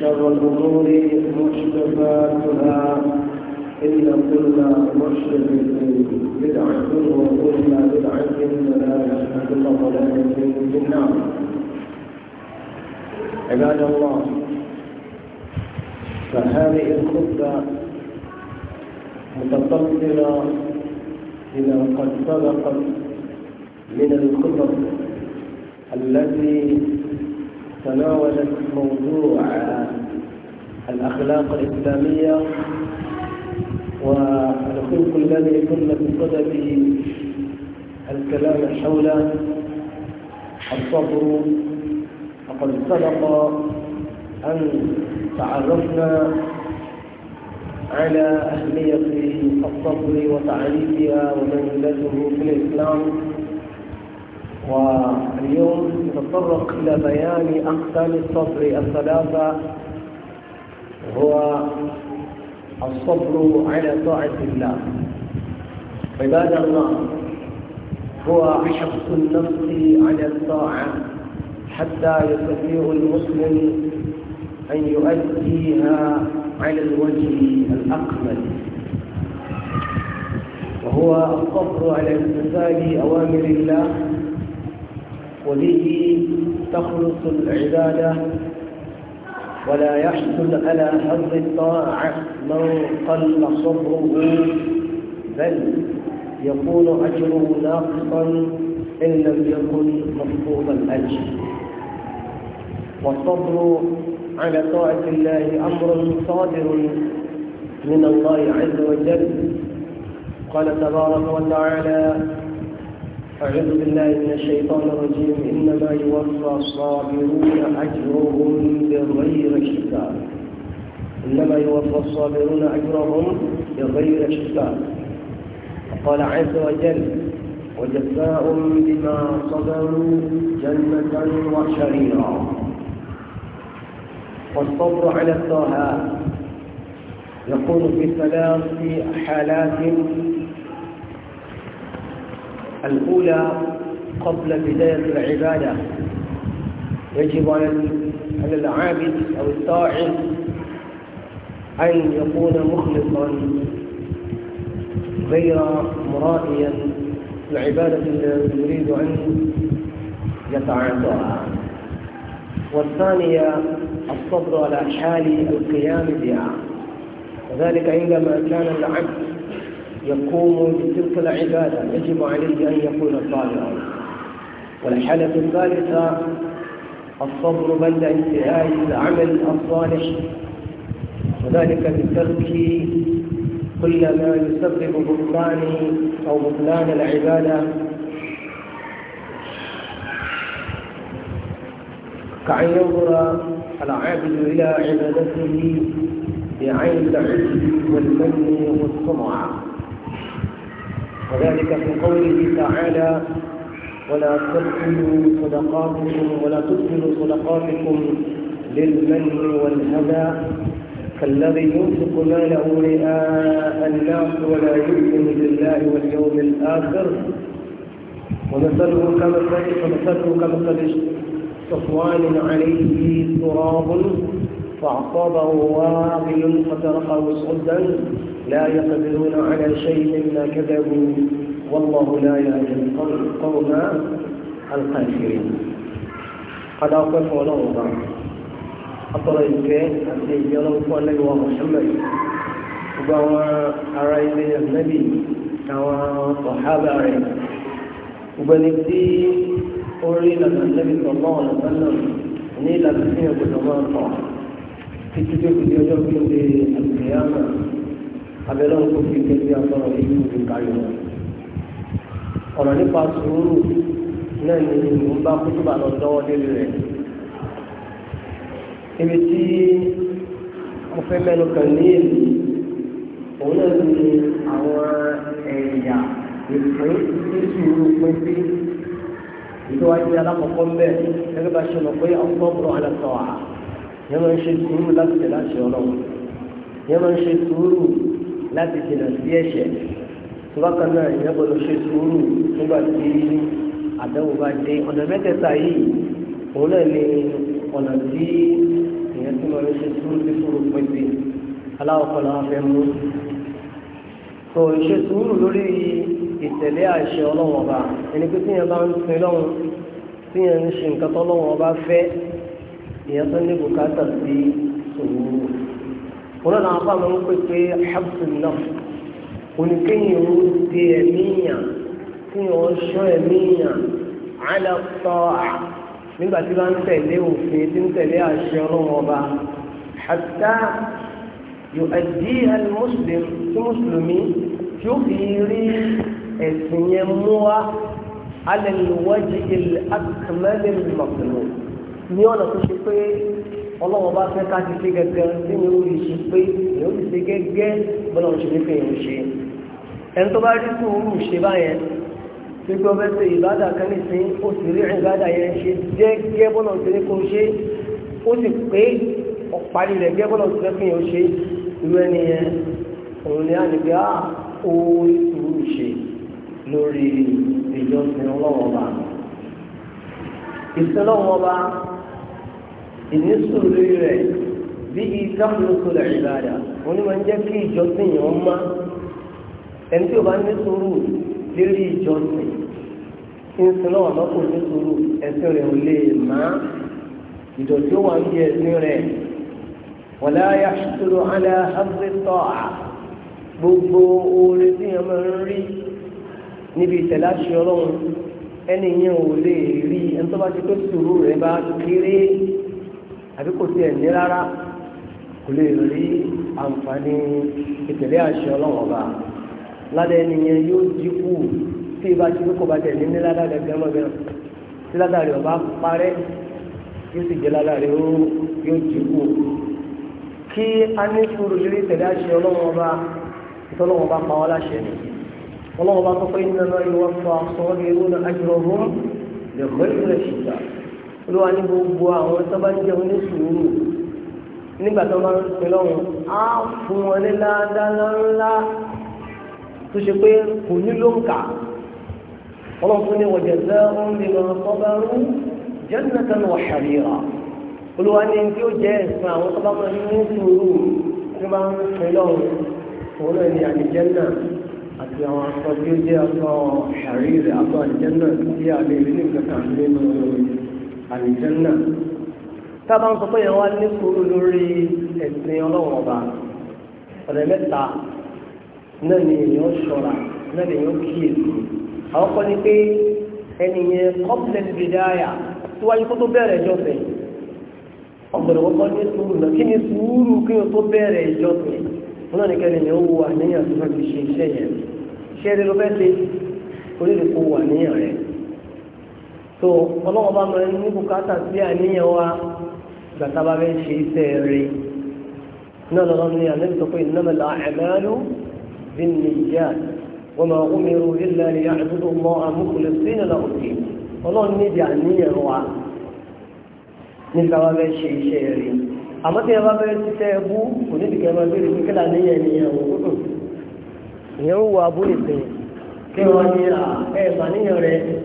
شر الأمور مشتفاتها إن كل محدث بدعة وكل بدعة ضلالة وكل ضلالة في النار عباد الله فهذه الخطبة متطلبة إلى قد سبقت من الخطب التي تناولت موضوع الأخلاق الإسلامية والخلق الذي كنا بصدده الكلام حول الصبر فقد سبق أن تعرفنا على أهمية الصبر وتعريفها ومنزلته في الإسلام واليوم نتطرق إلى بيان أقسام الصبر الثلاثة هو الصبر على طاعة الله عباد الله هو حفظ النفس على الطاعة حتى يستطيع المسلم أن يؤديها على الوجه الأكمل وهو الصبر على امتثال أوامر الله وبه تخلص العبادة ولا يحصل على حظ الطاعة من قل صبره بل يكون أجره ناقصا إن لم يكن مطلوب الأجر والصبر على طاعة الله أمر صادر من الله عز وجل قال تبارك وتعالى أعوذ بالله من الشيطان الرجيم إنما يوفى الصابرون أجرهم بغير حساب إنما يوفى الصابرون أجرهم بغير حساب قال عز وجل وجزاء بما صبروا جنة وشريرا والصبر على الطاعات يكون في ثلاث حالات الأولى قبل بداية العبادة يجب على العابد أو الطاعن أن يكون مخلصا غير مرائيا العبادة التي يريد أن يتعاطاها والثانية الصبر على حال القيام بها وذلك عندما كان العبد يقوم بتلك العبادة يجب عليه أن يكون صابرا والحالة الثالثة الصبر بعد انتهاء العمل الصالح وذلك بترك كل ما يسبب بطلان أو بطلان العبادة كأن ينظر العابد إلى عبادته بعين العز والمن والسمعة وذلك في قوله تعالى ولا تبطلوا صدقاتكم ولا تبطلوا صدقاتكم للمن والهدى كالذي ينفق ماله رئاء الناس ولا يؤمن بالله واليوم الآخر ومثله كمثل ومثله كمثل صفوان عليه تراب فأصابه واقي فتركه صدا لا يقدرون على شيء إلا كذبوا والله لا يهدي القوم الكافرين قد أقف الله أطرى الكيس أتي يلوم فأنه ومحمد وقوى أرأي النبي وصحابة أرأي وبنبدي أريد أن النبي صلى الله عليه وسلم نيل أبسيه بالأمان طاعة في تجربة يجب في القيامة abẹ́lẹ́ òkú fi kéde àtọ́rọ̀ yìí ní ìlú káyọ̀ ọ̀rọ̀ nípa sùúrù náà ní ìlú ń bá kútùbà lọ dọ́wọ́ délé rẹ̀ ibi tí mo fẹ́ mẹ́nu kàn ní èlú òun náà ní àwọn ẹ̀yà ìpín tí sùúrù pín sí ìtọ́wájú alákọ̀ọ́kọ́ ń bẹ̀ gẹ́gẹ́ bá ṣe lọ pé àwọn gbọ́gbọ́n alẹ́ sọ̀rọ̀ yẹn máa ń ṣe sùúrù láti tẹ̀lé àṣẹ ọlọ́run yẹn máa ń ṣe sùúrù láti dènà sí ẹ̀ṣẹ̀ tubákan náà ìyẹn gbọ́dọ̀ ṣe sùúrù nígbà tí àdánwò bá dé ọ̀nà mẹ́tẹ̀ẹ̀ta yìí òun náà ni ọ̀nà tí ìyẹn tí wọ́n ṣe sùúrù tí sùúrù pèsè aláwọ̀kọ̀ làwọn fẹ́ mú tó ṣe sùúrù lórí ìtẹ̀lé àṣẹ ọlọ́wọ̀n ọba ẹni pé tíyẹn bá ń sin lọ́hùn tíyẹn ń ṣe nǹkan tọ́lọ́wọ̀n ọba fẹ́ ìyẹn tó ní bùkátà sí sùúrù wọn náà fà máa ń pè pé hapsin náà oníkéyìn ń di ẹ̀mí yàn tí wọ́n ṣọ́ ẹ̀mí yàn alàtọ́ à nígbà tí wọ́n ń tẹ̀lé òfin tí ń tẹ̀lé àṣẹ ọlọ́wọ́ ọba hatta yóò ẹ̀dí ẹni tí ó fi rí ẹ̀sìn yẹn mú wa alẹ́ lùwọ́jì ilẹ̀ akẹ́mẹ́lẹ́ mọ̀kùnrin ní ọ̀nà tó ṣe pé ọlọ́wọ́ bá fẹ́ ká ti ṣe gẹ́gẹ́ tí mi ò lè ṣe pé mi ò lè ṣe gẹ́gẹ́ bọ́lá òṣè ní fèèyàn ṣe ẹni tó bá rí sùúrù ṣe báyẹn tí kò fẹ́ ṣe ìbádà kan nìsín ó sì rí ìbádà yẹn ṣe gẹ́gẹ́ bọ́lá òṣè ní kò ṣe ó sì pé ọ̀parí rẹ̀ gẹ́gẹ́ bọ́lá òṣè ní fèèyàn ṣe irú ẹni yẹn òun ni a lè gbé a ah, ó rí ṣe lórí ìjọsìn ọlọ́wọ́ ọba ìsìn ọlọ́wọ́ ìnísùúrù rẹ̀ bí ìtàkùnlùkù rẹ̀ ìbára wọn ni máa ń jẹ́ kí ìjọsìn yẹn má ẹni tí o bá ní sùúrù lérí ìjọsìn ìsìn náà wọn kò ní sùúrù ẹsìn rẹ̀ ò lè má ìdọ̀tí ó wà ń bí ẹsìn rẹ̀ wọ̀lá yàtúrò alẹ́ àbẹ́tọ̀ gbogbo oore tí yẹn máa ń rí níbi ìtẹ̀láṣẹ ọlọ́run ẹni yẹn ò lè rí ẹni tó bá ti pé sùúrù rẹ̀ bá kéré àbí kò sí ẹ̀ní rárá kò lè rí àǹfààní ìtẹ̀lé àṣẹ ọlọ́wọ́n ọba ládàá ẹni yẹn yóò dínkù tí ìbá ti kó bá tẹ̀lé ní ládàá gẹ́gẹ́ lọ́gẹ́ tí ládàá rẹ̀ ọba parẹ́ yóò sì jẹ́ ládàá rẹ̀ yóò dínkù kí a ní sùúrù lórí ìtẹ̀lé àṣẹ ọlọ́wọ́n ọba ìtọ́lọ́wọ́n ọba pa wọ́n láṣẹ ni ọlọ́wọ́n ọba tó pé nínú ìwọ́n fọ àṣọ ló wà ní gbogbo àwọn tó bá jẹun ní sùúrù nígbà tó bá ń pè lọ́hùn á fún wọn ní ládàlá tó ṣe pé kò ní ló ń kà ọlọ́run fún ní wọ̀jẹ̀ sẹ́ ń lè lọ sọ́bẹ̀rú jannatan wa harira olúwa ní tí ó jẹ́ ẹ̀sìn àwọn tó bá máa ń ní sùúrù tó bá ń pè lọ́hùn òun náà ní àlìjẹ́nà àti àwọn aṣọ tí ó jẹ́ aṣọ harira aṣọ àlìjẹ́nà tí a lè rí nìkan kan nínú ìròyìn àlìjẹ́nà tábà ń sọ pé yẹn wá ní sùúrù lórí ẹ̀sìn ọlọ́wọ́n ọba ọ̀rẹ́ mẹ́ta náà ni èèyàn ṣọ́ra náà ni èèyàn kíyèsí àwọn kọ́ ni pé ẹni yẹn kọ́pìlẹ̀tì bìdáyà tó wáyé kó tó bẹ̀rẹ̀ ìjọsìn ọ̀gbọ̀dọ̀ kọ́kọ́ ní sùúrù náà kí ni sùúrù kí o tó bẹ̀rẹ̀ ìjọsìn wọn náà ni kẹ́ni yẹn wo àníyàn tó fẹ́ fi ṣe iṣẹ́ yẹn ṣé ẹni ló fẹ́ ṣe onílùkọ́ wà níyàn rẹ̀ so ọlọ́wọ́ bá mọ ní bùkátà sí àníyàn wa gbàtà bá fẹ́ ṣe iṣẹ́ rẹ̀ náà lọ́wọ́ ní àlẹ́ sọ pé innamal a'malu bin-niyyat wa ma umiru illa liya'budu Allaha mukhlisina lahu ad-din ọlọ́run níbi àníyàn wa nígbà bá fẹ́ ṣe iṣẹ́ rẹ̀ àmọ́ tí ẹ bá fẹ́ ṣiṣẹ́ ẹbú kò níbi kẹ́ máa béèrè kíkẹ́lá níyàn ènìyàn òwúrò ìyẹn abúlé sẹ́yìn kí wọ́n ní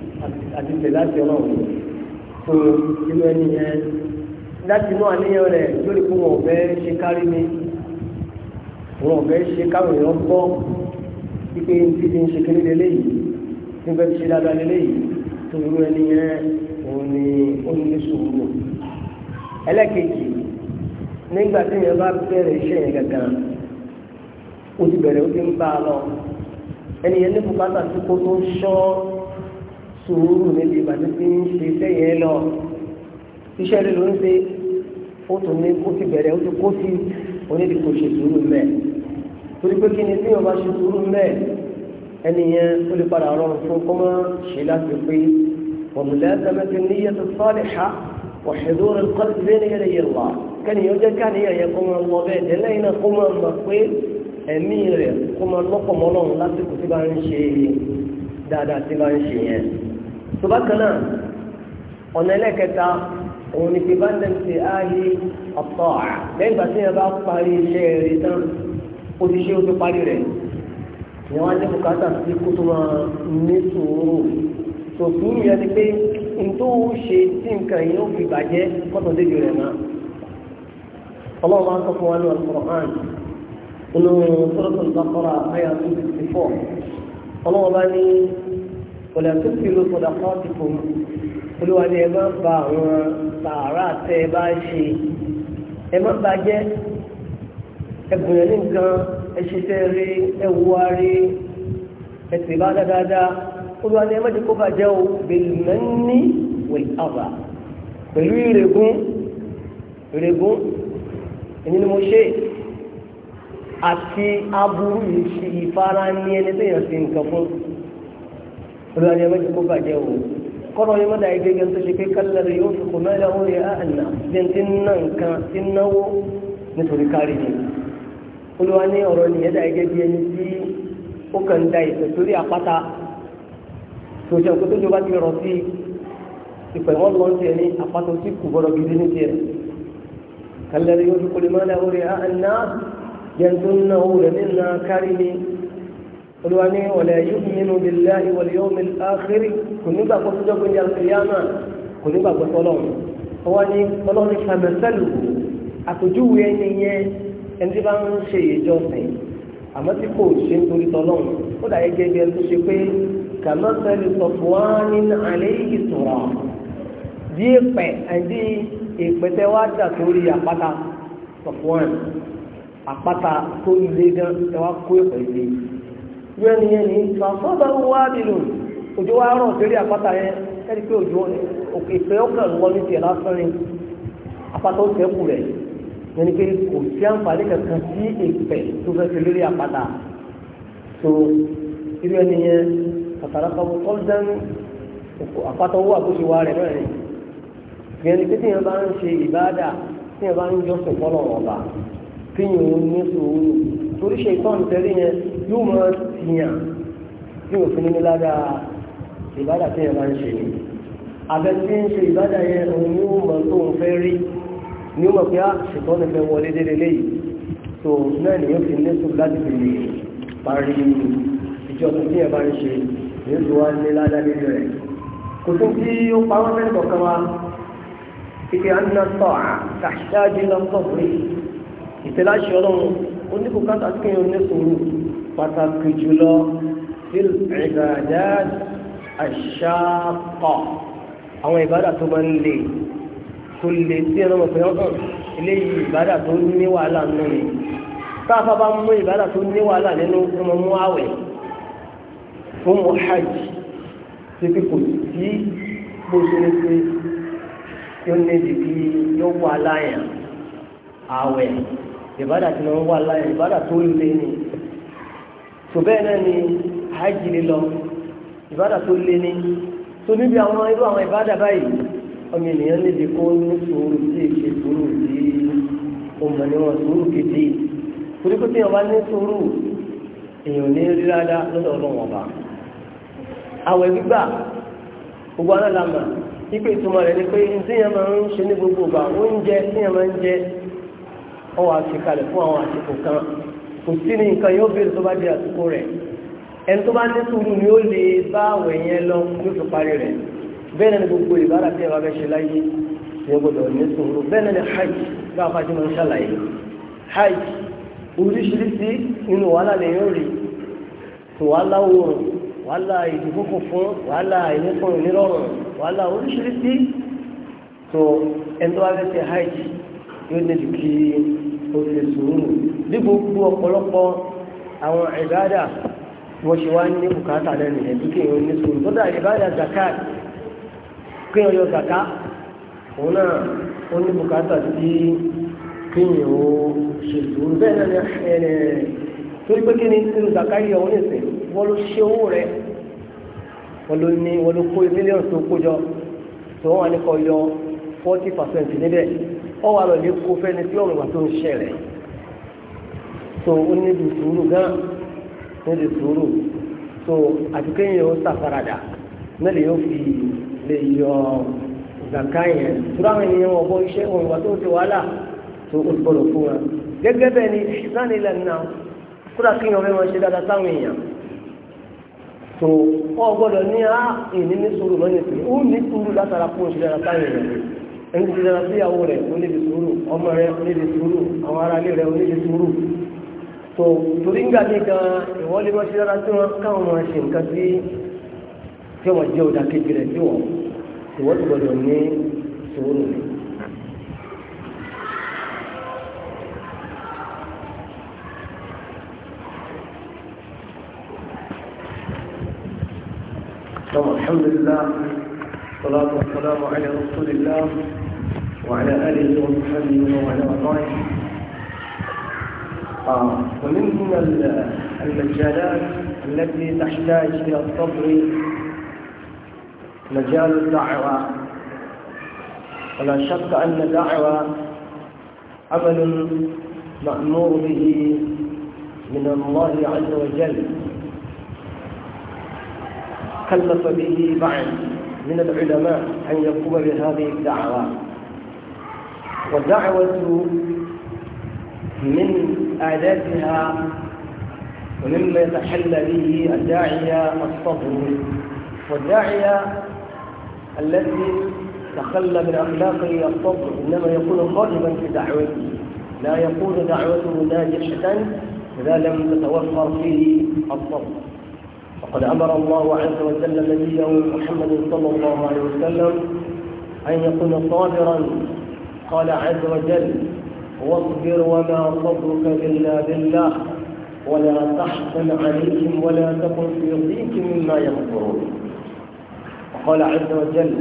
àti tẹ̀ láti ọlọ́run tó inú ẹni yẹn láti inú àníyàn rẹ̀ lórí fún wọn ọ̀fẹ́ ṣe kárí mi wọn ọ̀fẹ́ ṣe káwọn èèyàn gbọ́ wípé tí ti ń ṣe kéré lélẹ́yìí tí ń fẹ́ ṣe dáadáa lélẹ́yìí tó inú ẹni yẹn òun ni ó ní sùúrù ẹlẹ́kejì nígbà tí yẹn bá bẹ̀rẹ̀ iṣẹ́ yẹn gangan ó ti bẹ̀rẹ̀ ó ti ń bá a lọ ẹni yẹn ní bùkátà tí kò tó ń ṣọ́ sùúrù níbi ìbàdí tí ń ṣe iṣẹ́ yẹn lọ iṣẹ́ rẹ ló ń ṣe ó tún ní kó ti bẹ̀rẹ̀ ó ti kó sí oníbi kò ṣe sùúrù mẹ́ torí pé kí ni tí yóò bá ṣe sùúrù mẹ́ ẹni yẹn ó lè padà rọrùn fún kó má ṣe láti pé wàmùlẹ́ sẹ́mẹ́tì níyẹn tó sọ́ọ̀lì ha وحضور القلب بين يدي الله كان يوجد كان يقوم الله بيت لين قوم مقوي أمير قوم الله قوم الله لا تكتب عن شيء dáadáa tí bá ń ṣe yẹn tó bá kan náà ọ̀nà ẹlẹ́kẹta òun ni ti bá ń tẹ̀sí ààyè ọ̀pọ̀ à lẹ́yìn ìgbà tí yẹn bá parí iṣẹ́ rẹ̀ tán ó ti ṣe ó ti parí wá jẹ́ bùkátà sí kó tó máa ní sùúrù tòkùn yẹn ni pé n tó ṣe tí nǹkan yìí ó fi bàjẹ́ kọ́tọ̀ débi rẹ̀ náà ọlọ́run máa ń sọ fún wa ní Al-Qur'an nínú Suratul Baqara àyà tó ti fi ọlọ́run bá ní kọlẹ̀ tó fi ló sọ̀dà kọ́ọ̀tì fún olúwa ni ẹ má ba àwọn sàárà tẹ ẹ bá ṣe ẹ má ba jẹ́ ẹgbùn yẹn ní nǹkan ẹ ṣiṣẹ́ rí ẹ wúwa rí ẹ sì bá dáadáa olúwa ni ẹ má jẹ́ kó bàjẹ́ o bẹ̀lùmẹ́ni wẹ̀lì àbà pẹ̀lú ìrègùn ìrègùn èmi ni mo ṣe àti aburú yìí ẹni tó yàn sí nǹkan fún olùwà ni ẹ mẹ́jọ kó bàjẹ́ o kọ́nà yẹn mọ́tà yìí gẹ́gẹ́ tó ṣe pé kálẹ̀rì yóò fi kò mẹ́lẹ̀ ó rí àná jẹ́ ti ná nǹkan ti náwó nítorí kárí ni olùwà ni ọ̀rọ̀ nìyẹn dà gẹ́gẹ́ bí ẹni tí ó kàn da ìpè sórí àpáta tòṣà kó tó jọba ti rọ̀ sí ìpè wọn lọ sí ẹni àpáta tí kò gbọdọ̀ gidi ní tiẹ̀ kálẹ̀rì yóò fi kò mẹ́lẹ̀ ó rí àná jẹ́ tó náwó rẹ̀ nínú kárí ni olùwàní wọlé yóò nínú bílẹ̀ ìwọlé yóò mi àkírí kò nígbà kó tó jọ́gbọ́n jà kìyàmà kò nígbà kó tọ́lọ́run wọ́n ní ọlọ́run ṣàmẹ́sẹ́lù àpèjúwe ẹni yẹn ẹni tí bá ń ṣe ìjọsìn àmọ́ tí kò ṣe ń torí tọ́lọ́run ó dà gẹ́gẹ́ tó ṣe pé kàmẹ́sẹ́lù sọ̀fúnwání alẹ́ yìí bí ìpẹ́ ẹ̀dí ìpẹ́tẹ́ wá dà sórí àpáta sọ̀fúnwání yẹn ni yẹn ni fàfọ́bà wà bìlù òjò wa rọ̀ sórí àpáta yẹn kẹ́ni pé òjò òkè pé ó kàn ní tiẹ̀ lásán ni àpáta ó tẹ̀ kù rẹ̀ yẹn pé kò sí àǹfààní kankan sí ìpẹ́ tó fẹ́ fi lórí àpáta irú ẹni yẹn kàtàràkà àpáta owó àbúṣe wa rẹ̀ ni pé tí bá ń ṣe ìbáàdà tí bá ń yóò máa tìyàn tí òfin ní ládàá ìbádà tí yẹn máa ń ṣe ni abẹ tí ń ṣe ìbádà yẹn òun ni ó mọ tó ń fẹ́ rí ni ó mọ̀ pé ah, ṣùgbọ́n ní fẹ́ wọlé délé léyìí tó náà ni yóò fi ní sùn láti fi lè parí ìjọ tó tí yẹn máa ń ṣe ní oṣù wa ní ládàá nínú rẹ̀ kò tó tí ó pa wọ́n fẹ́ kọ̀ọ̀kan wa kíkẹ́ àná tọ̀ àṣáájú lọ́kọ̀ọ́rẹ́ ìtẹ́láṣẹ́ ọlọ́run oníkùkátà kí n ní sùúrù pàtàkì jùlọ fil ibadat ash-shaqqa àwọn ìbádà tó máa ń lè tó lè sí ẹ̀rọ mọ̀ pé ọ̀hún eléyìí ìbádà tó ní wàhálà nínú ni táàfà bá mú ìbádà tó ní wàhálà nínú fún mú àwẹ̀ fún mọ́ hajj tí kò sí bó ṣe ń ṣe yóò ní ibi yóò wà láyà àwẹ̀ ìbádà tí wọ́n wà láyà ìbádà tó lé ni. ṣùgbọ́n náà ni hajj lọ ìbádà tó lé ní tó níbi àwọn irú àwọn ìbádà báyìí ọmọ ènìyàn lè di kó ní sùúrù sí ìṣe sùúrù sí ọmọ níwọ̀n sùúrù kejì torí pé ní sùúrù èèyàn ní rí rárá lọ́dọ̀ ọlọ́wọ́n ọba àwẹ̀ gbígbà gbogbo aná la mà ipe ìtumọ̀ rẹ̀ ni pé máa ń ṣe ní gbogbo ọba oúnjẹ téèyàn máa ń jẹ ọwọ́ àti kalẹ̀ fún àwọn kan kò sí ní nǹkan yóò bèèrè tó bá di àsìkò rẹ̀ ẹni tó bá ní sùúrù ni ó lè bá àwẹ̀ yẹn lọ yóò fi parí rẹ̀ bẹ́ẹ̀ ni gbogbo ìbára tí ẹ bá fẹ́ ṣe láyé ní gbọdọ̀ ní sùúrù bẹ́ẹ̀ ni hajj bá a fàájì máa ń ṣàlàyé hajj oríṣiríṣi nínú wàhálà lè yóò rí wàhálà oòrùn wàhálà ìdìbòkò fún wàhálà ìnífọ̀n ìnírọ̀rùn wàhálà oríṣiríṣi tó ẹni tó bá fẹ́ ṣe hajj yóò ní bí gbogbo ọ̀pọ̀lọpọ̀ àwọn ìbádà wọ́n ṣe wá ní bùkátà lẹ́nu ẹ̀bí kí èèyàn ní sùúrù lọ́dà ìbádà zakat kí èèyàn yọ zaka òun náà ó ní bùkátà sí kí èèyàn ṣe sùúrù bẹ́ẹ̀ náà ni ẹ̀rẹ̀ torí pé kí ni nínú zaka yẹ òun nìsín wọ́n ló ṣe owó rẹ̀ wọ́n ló ní wọ́n ló kó mílíọ̀nù tó kó tó wọ́n wà ní kọ́ yọ forty percent níbẹ̀ ọ wà lọ́ọ́ lè kó fẹ́ni tí ọ̀rùn wà tó ń ṣẹlẹ̀ so ó níbi sùúrù gan níbi sùúrù so àti kéèyàn ó ṣàfaradà mẹ́lẹ̀ yóò fi lè yọ zaka yẹn tura mi nìyẹn wọ́n bọ́ wọn ìwà tó ti wàhálà so ó ti gbọ́dọ̀ fún wa gẹ́gẹ́ bẹ́ẹ̀ ni ìsìláàní lẹ́nu náà kúrò kí èèyàn fẹ́ máa ṣe dáadáa sáwọn èèyàn so ọ gbọ́dọ̀ ní á ah, ìní ní sùúrù lọ́nà ìsìn ó ní sùúrù látara fún oṣù dáadáa sáwọn èèyàn ẹni tí dáadáa síyàwó rẹ̀ ó níbi sùúrù ọmọ rẹ̀ ó sùúrù àwọn aráalé rẹ̀ ó sùúrù tó torí ńgbà ní gan ìwọ́n lè mọ́ sí rárá tí wọ́n káwọn máa ṣe nǹkan sí tí wọ́n jẹ́ ọ̀dà kejì rẹ̀ sí wọ́n ìwọ́n ti gbọ́dọ̀ ní sùúrù ni. طبعا الحمد لله والصلاة والسلام على رسول الله وعلى آله وصحبه وعلى أطاعه آه. ومن هنا المجالات التي تحتاج إلى الصبر مجال الدعوة ولا شك أن الدعوة عمل مأمور به من الله عز وجل كلف به بعض من العلماء أن يقوم بهذه الدعوة والدعوة من آداتها ومما يتحلى به الداعية الصبر والداعية الذي تخلى من أخلاقه الصبر إنما يكون خادما في دعوته لا يكون دعوته ناجحة إذا لم تتوفر فيه الصبر وقد أمر الله عز وجل نبيه محمد صلى الله عليه وسلم أن يكون صابرا قال عز وجل واصبر وما صبرك إلا بالله ولا تحزن عليهم ولا تكن في ضيق مما يمكرون وقال عز وجل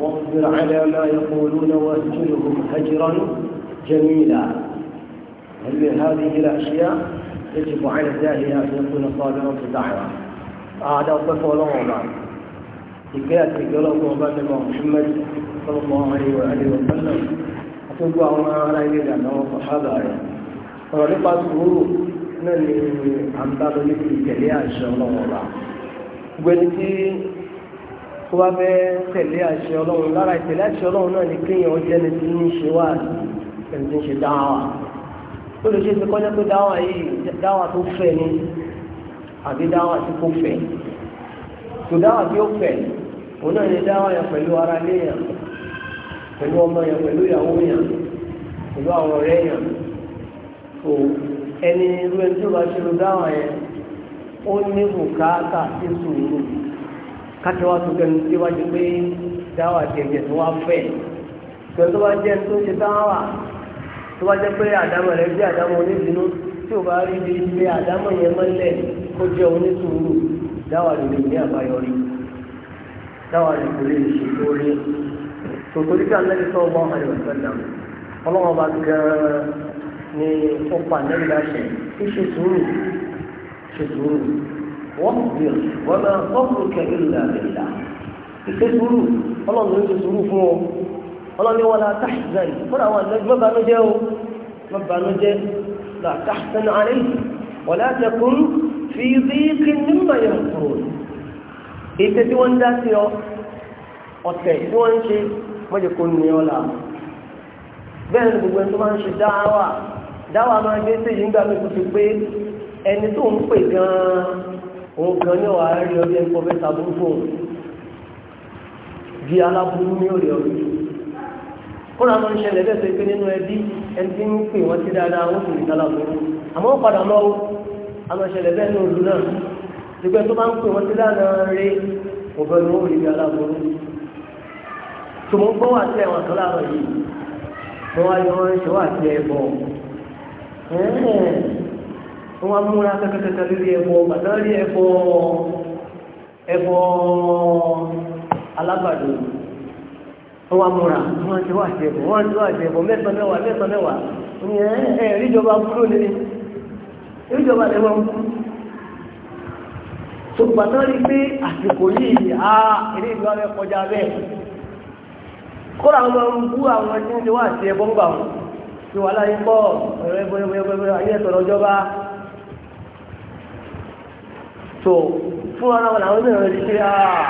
واصبر على ما يقولون واهجرهم هجرا جميلا هل هذه الأشياء يجب على الله أن يكون صابرا في دعوة هذا صفة لهم حكاية لهم محمد صلى الله عليه وآله وسلم gbogbo àwọn ará ilé ìlànà ọ̀hábà rẹ̀ ọ̀rọ̀ nípa sùúrù náà ni à ń bá lọ níbi ìtẹ̀lé àṣẹ ọlọ́run ọba gbogbo tí tó bá fẹ́ tẹ̀lé àṣẹ ọlọ́run lára ìtẹ̀lé àṣẹ ọlọ́run náà ni kéèyàn jẹ́ ẹni tí ń ṣe wá ẹni tí ń ṣe dáwà ó lè ṣe ti kọ́jọ́ pé dáwà yìí dáwà tó fẹ́ ni àbí dáwà tí kò fẹ́ tòdáwà tí ó fẹ́ òun náà ni dáwà yẹn pẹ̀lú ara léèyàn pẹ̀lú ọmọ yẹn pẹ̀lú ìyàwó yẹn pẹ̀lú àwọn ọ̀rẹ́ yẹn tó ẹni irú ẹni tó bá ṣe ló dáhùn yẹn ó ní bùkátà sí sùúrù káṣí wá tó kẹnu tí wájú pé dáwà jẹjẹ tó wá fẹ́ pẹ̀lú tó bá jẹ́ tó ṣe dáwà tó bá jẹ́ pé àdámọ̀ rẹ̀ bí àdámọ̀ onídìínú tí o bá rí ibi ilé àdámọ̀ yẹn mọ́lẹ̀ kó jẹ́ onísùúrù dáwà lè ní àbáyọrí dáwà lè kò lè ṣe lórí tòtòrí bí anabi sọ ọgbọ́n àyọ̀sẹ̀lẹ̀ ọlọ́wọ́n bá gẹ́rẹ́ ní ọ̀pọ̀ anabi láṣẹ kí ṣe sùúrù ṣe sùúrù wọ́n bí wọ́n ọ̀pọ̀ kẹ́kẹ́lá ìlà ìṣe sùúrù ọlọ́run ló ṣe sùúrù fún ọ ọlọ́ni wọn la táṣìṣẹ́ yìí fúnra wọn lẹ́gbẹ́ mọ́bànújẹ́ o mọ́bànújẹ́ la táṣìṣẹ́ náà rẹ̀ wọ́n láti kún fi díkì nígbà yẹn kúrò ètè tí wọ́n dá sí ọ ọ̀tẹ̀ tí wọ́n ń ṣe mọ́jẹ̀ kó ní ọ̀la bẹ́ẹ̀ ni gbogbo ẹni tó máa ń ṣe dáwà dáwà máa ń gbé sí yìí nígbà mẹ́kù ti pé ẹni tó ń pè gan-an òun gan ní ọ̀hà rí ọjọ́ ẹ̀kọ́ fẹ́ sàbúrú fóun di aláburú ní òrè ọ̀rẹ́ kóra máa ń ṣẹlẹ̀ bẹ́ẹ̀ sọ pé nínú ẹbí ẹni tí ń pè wọ́n ti dáadáa wọ́n sì lè dáláburú àmọ́ padà lọ́wọ́ àmọ́ ṣẹlẹ̀ bẹ́ẹ̀ ní òlù náà ṣùgbọ́n tó bá ń pè wọ́n ti dáadáa rí òbẹ̀ ni wọ́n rí dáadáa tó mọ́ gbọ́ wà sí ẹ̀wọ̀n kan láàárọ̀ yìí wọ́n wá yọ wọ́n ṣe wà sí ẹ̀bọ wọ́n wá múra kẹ́kẹ́kẹ́kẹ́ lórí ẹ̀bọ bàtà rí ẹ̀bọ ẹ̀bọ alágbàdo wọ́n wá múra wọ́n ṣe wà sí ẹ̀bọ wọ́n ṣe wà sí ẹ̀bọ mẹ́sàn-án mẹ́wàá mẹ́sàn-án mẹ́wàá ẹ̀ẹ́dì ìjọba kúrò nílé ìjọba lẹ́wọ̀n kúrò tó gbàtà rí pé àsìkò yìí á eré ìlú abẹ́ kọjá bẹ́ẹ̀ kóra àwọn ọmọ ń bú àwọn ẹni tí wọ́n àti ẹbọ ń gbà wọn tí wọ́n aláyé pọ̀ ẹ̀rọ ẹbọ ẹbọ ẹbọ ayé ẹ̀tọ́ lọ́jọ́ bá tó fún ara wọn àwọn ènìyàn rí pé ah,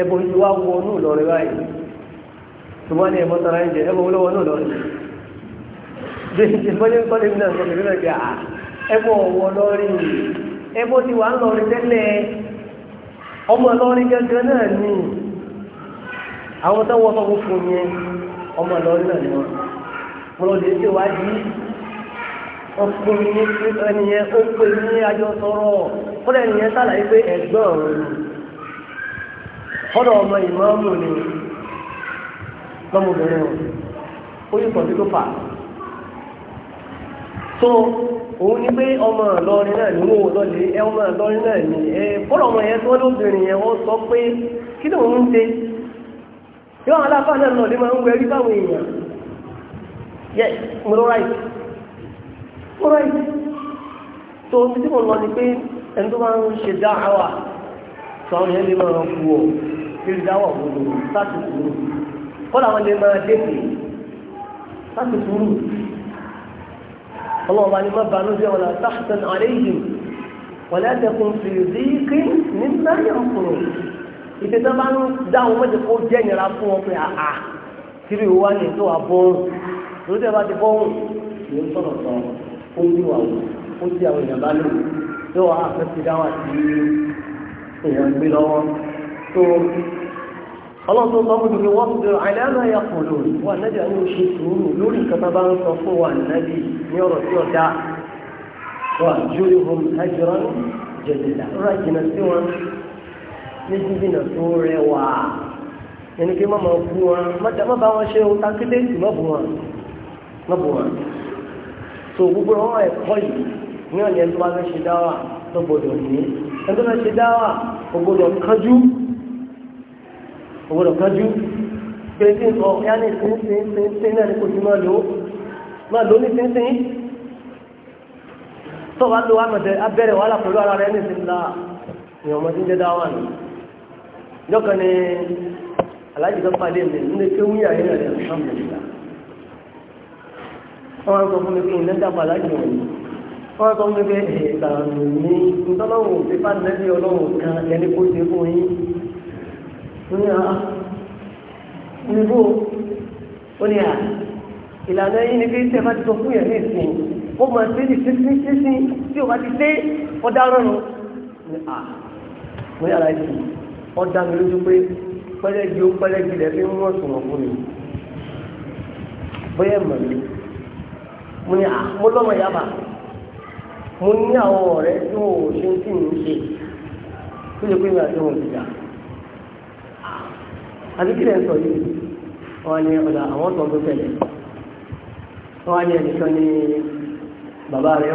ẹbọ ti wá wọ inú Ìlọrin báyìí tí wọ́n ní ẹbọ tara ń jẹ ẹbọ wọn lọ́wọ́ inú Ìlọrin ìfọ́jú ń kọ́ lè nà sọ lè ẹbọ ọ̀wọ́ lọ́rin ẹbọ ti wà ń lọrin tẹ́lẹ̀ ọmọ lọ́rin gẹ́gẹ́ náà ni àwọn tó wọ́n fún yẹn ọmọ ni mo lọ lè ṣe ọkùnrin ní ẹni yẹn ó pè ní ajọ sọ̀rọ̀ ẹni yẹn pé ẹ̀gbọ́n ni ọmọ ìmọ̀ọ́mù ni lọ́mọbìnrin o ó yí tó fà so òun ni pé ọmọ náà ni wọn ò lọ lè ẹ ọmọ náà ni ẹ ọmọ yẹn tó lóbìnrin yẹn wọ́n sọ pé kí ń ṣe. ìwọ àwọn aláfáà náà ń wẹ̀rí báwọn èèyàn yẹ mo lọ tó ti tí mo lọ ni pé ẹni tó máa ń ṣe dá àwà tó lè máa kú ọ kiri dáwà òwúrò láti kúrò kọ́ làwọn lè máa dépè láti kúrò ọlọ́run bá ní má banú jẹ́ wọn láti àlẹ́ yìí wọ́n láti kún ìtẹ̀tẹ̀ bá ń dá àwọn mẹ́jọ kó jẹ́ ìnira fún wọn pé àà kiri ìwọ wá ní ètò àbọ̀rùn lórí tẹ̀ bá ti bọ́rùn ló ń sọ̀rọ̀ sọ ó ní wà wò ó ti àwọn èèyàn bá lò tó wà á ti dá wà sí èèyàn gbé lọ́wọ́ tó ọlọ́run tó sọ fún mi wọ́n ti dọ̀rọ̀ àìlẹ́rọ ẹ̀yà kò lò wà nẹ́bí àwọn oṣù sùúrù lórí nǹkan tá bá ń sọ fún wa nẹ́bí ní ọ̀rọ̀ tí ọ̀dá wà júlẹ̀ hom ẹ̀jọ̀rọ̀ jẹ̀dẹ̀dà rẹ̀ jìnnà sí wọn ní jíjìnà tó rẹwà ẹni pé má máa bú wọn má bá wọn ṣe ohun takété tì má bú wọn má bú wọn tó gbogbo àwọn ẹ̀kọ́ yìí ní ọ̀nà ẹni tó bá fẹ́ ṣe dáwà tó gbọdọ̀ ní ẹni tó fẹ́ ṣe dáwà kò gbọdọ̀ kánjú kò gbọdọ̀ kánjú pé tí nǹkan ọ̀yá ní sínsínsín náà ni kò sí máa lò ó máa lò ó ní sínsín tó bá lo àmọ̀tẹ́ abẹ́rẹ́ wàhálà pẹ̀lú ara rẹ̀ ní ìsinmi la ìyọ̀mọ́tí ń jẹ́ dáwà nìyí ìjọ́kan ni aláàjì tó pàdé mi nílé tí ó ń yà nínú ẹ̀rọ alhamdulillah wọ́n sọ fún mi pé ilé dàbà aláàjì wọn wọ́n sọ fún mi pé ẹ̀ẹ̀ta mi ntọ́lọ́wọ̀ pépà nẹ́bí ọlọ́wọ̀ kan ẹni kó ṣe fún yín ní à níbo ó ní à ìlànà yìí ni bí tẹ́ bá ti sọ fún yẹn ní ìsìn ó máa ṣe ní sísí sísí tí o bá ti dé ọ̀daràn nù ní à mo yàrá ìsìn ó dá mi lójú pé pẹ́lẹ́gì ó pẹ́lẹ́gì rẹ̀ fi ń wọ́n sùnwọ̀n fún mi bóyá mọ̀ mi mo ní à ah, mo lọ́mọ yaba mo ní àwọn ọ̀rẹ́ tí mo ò ṣe ń tì mí ṣe tó yẹ pé mi àti wọn ò ti jà ah, àti kí lè sọ yìí wọn ní ọ̀dà àwọn tó ń tó tẹ̀lé wọn ní ẹnìkan ní bàbá rẹ̀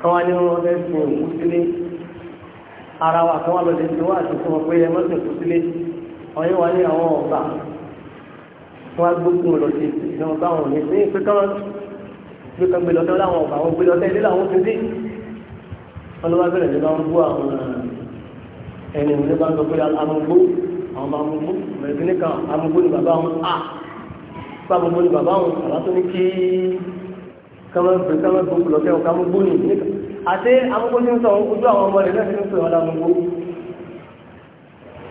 kú wọn ní wọn fẹ́ sin òkú sílé ara wa kan wà lọ́dẹ tí wọ́n àti fún ọ pé ẹmọ́ tó sílé ọyẹ́ wa ní àwọn ọ̀gbà wọn gbógun lọ sí ìjọba bá wọn ní ní pé kán gbé kan gbé lọ́dọ́ láwọn ọ̀gbà wọn gbé lọ́dọ́ ilé làwọn ti dé wọn ló wá bẹ̀rẹ̀ ní máa bú àwọn ẹni ìwé bá ń sọ pé amúgbó àwọn máa mú bẹ̀rẹ̀ sí ní kan amúgbó ni bàbá wọn à bá amúgbó ni bàbá wọn àbá tó ní kí kán máa gbógun lọ́dọ́ ọ̀gá amúgbó ni kan. àti amúgbó ń sọ ojú àwọn ọmọ rẹ̀ ti ń pè wọn lámúgbó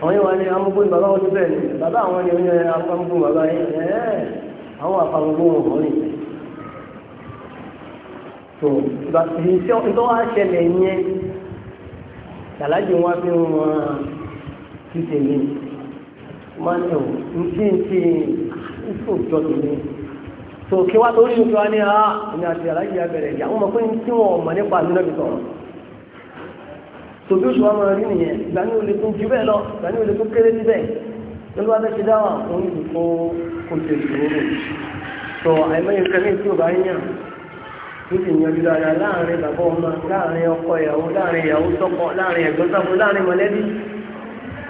àwọn ìwà ni bàbá wọn ti bẹ̀rẹ̀ bàbá àwọn ni oní amúgbó bàbá yẹn ẹ̀ẹ́ àwọn àfàmúgbó wọn wọ́n nìyẹn tó ìgbà so kí wá torí ní wá ní ha ní àti aláìsí abẹ̀rẹ̀ ìyá wọn mọ̀ tí wọn mọ̀ nípa àdúrà bí sọ̀rọ̀ so bí oṣù wa máa rí nìyẹn ìgbà ní olè tó ju bẹ́ẹ̀ lọ ìgbà ní olè tó kéré síbẹ̀ lọ́lọ́ wa fẹ́ ṣe dáwà fún ìlú kó kó ṣe so àìmọye kẹ́lẹ́ tí ò bá yàn tó sì yanjú dáadáa láàrin bàbá ọmọ láàrin ọkọ ìyàwó láàrin ìyàwó sọ́kọ láàrin ẹ̀gbọ́n sáfù láàrin mọ̀lẹ́bí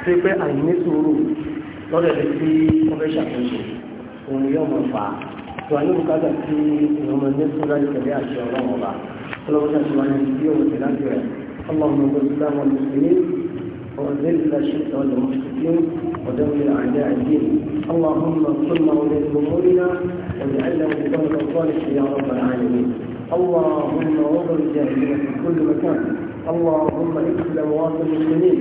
ṣe pé àìní sòrò lọ́dọ̀ ẹ̀dẹ́ tí wọ́n fẹ́ ṣàkóso òun yóò mọ̀ fà á tó a ní bùkátà sí ìrọmọ ní sọ́dọ̀ ìtẹ̀lé àti ọ̀rọ̀ ọ̀la ọlọ́wọ́dà tó wà ní اللهم صل وسلم المسلمين وأذل الشرك والمشركين ودمر أعداء الدين اللهم صل على أمورنا واجعلنا من قبل الصالح يا رب العالمين اللهم وضع الجاهلية في كل مكان اللهم اكفل أموات المسلمين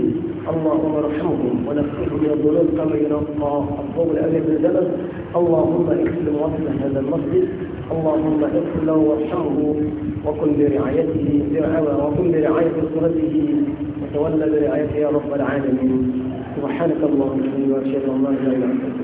اللهم ارحمهم ونقهم من الظلم كما ينقى الضوء الابيض من الدبس اللهم اغفر واصلح هذا المسجد اللهم اغفر له وارحمه وكن برعايته وكن برعاية أسرته وتولى برعايته يا رب العالمين سبحانك اللهم وبحمدك اشهد ان لا اله الا انت